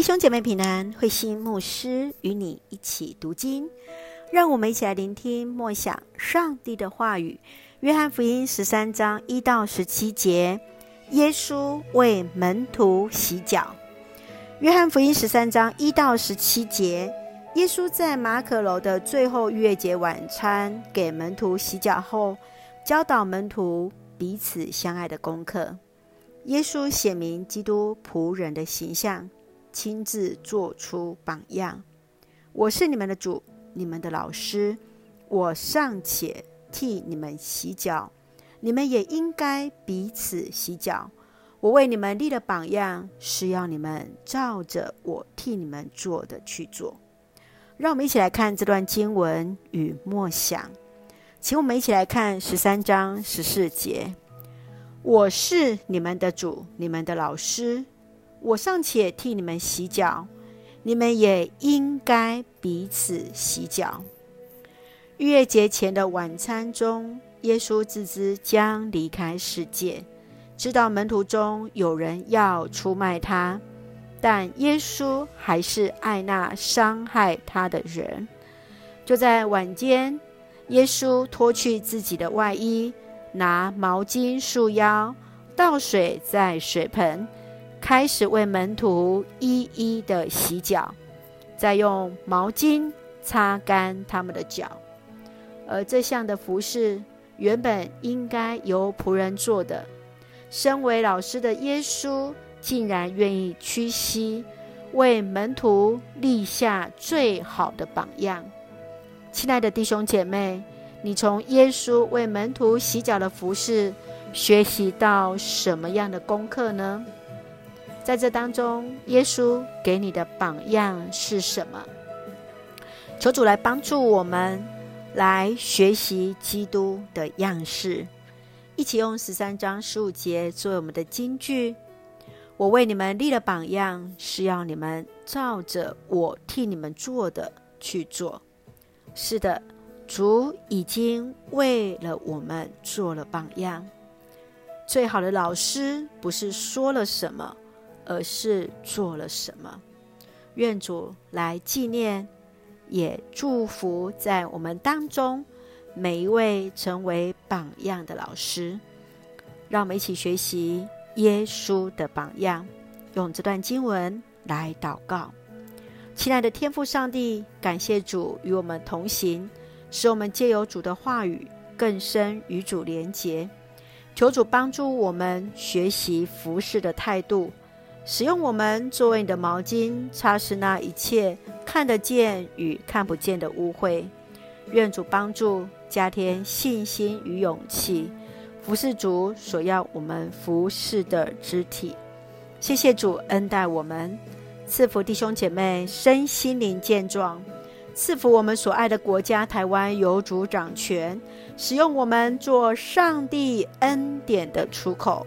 弟兄姐妹，平安！慧馨牧師與你一起讀經，讓我們一起來聆聽默想上帝的話語。約翰福音十三章一到十七節，耶穌為門徒洗腳。約翰福音十三章一到十七節，耶穌在馬可樓的最後逾越節晚餐給門徒洗腳後，教導門徒彼此相愛的功課。耶穌顯明基督僕人的形象。親自做出榜樣。我是你們的主，你們的老師。我尚且替你們洗腳，你們也應該彼此洗腳。我為你們立了榜樣，是要你們照着我替你們做的去做。讓我們一起來看這段經文與默想，請我們一起來看十三章十四節：我是你們的主，你們的老師。我尚且替你們洗腳，你們也應該彼此洗腳。逾越節前的晚餐中，耶穌自知將離開世界，知道門徒中有人要出賣他，但耶穌還是愛那傷害他的人。就在晚間，耶穌脫去自己的外衣，拿毛巾束腰，倒水在水盆。開始為門徒一一的洗腳，再用毛巾擦乾他們的腳。而這項的服事，原本應該由僕人做的，身為老師的耶穌竟然，願意屈膝，為門徒立下最好的榜樣。親愛的弟兄姐妹，你從耶穌為門徒洗腳的服事，學習到什麼樣的功課呢？在這當中，耶穌給你的榜樣是什麼？求主來幫助我們來學習基督的樣式，一起用十三章十五節作為我們的金句。我為你們立了榜樣，是要你們照着我替你們做的去做。是的，主已經為了我們做了榜樣。最好的老師不是說了什麼，而是做了什麼，願主來紀念，也祝福在我們當中每一位成為榜樣的老師。讓我們一起學習耶穌的榜樣，用這段經文來禱告。親愛的天父上帝，感謝主與我們同行，使我們借由主的話語更深與主連結。求主幫助我們學習服事的態度。使用我們作為你的毛巾，擦拭那一切看得見與看不見的污穢。願主幫助加添信心與勇氣，服侍主所要我們服侍的肢體。謝謝主恩待我們，賜福弟兄姐妹身心靈健壯，賜福我們所愛的國家台灣有主掌權。使用我們做上帝恩典的出口。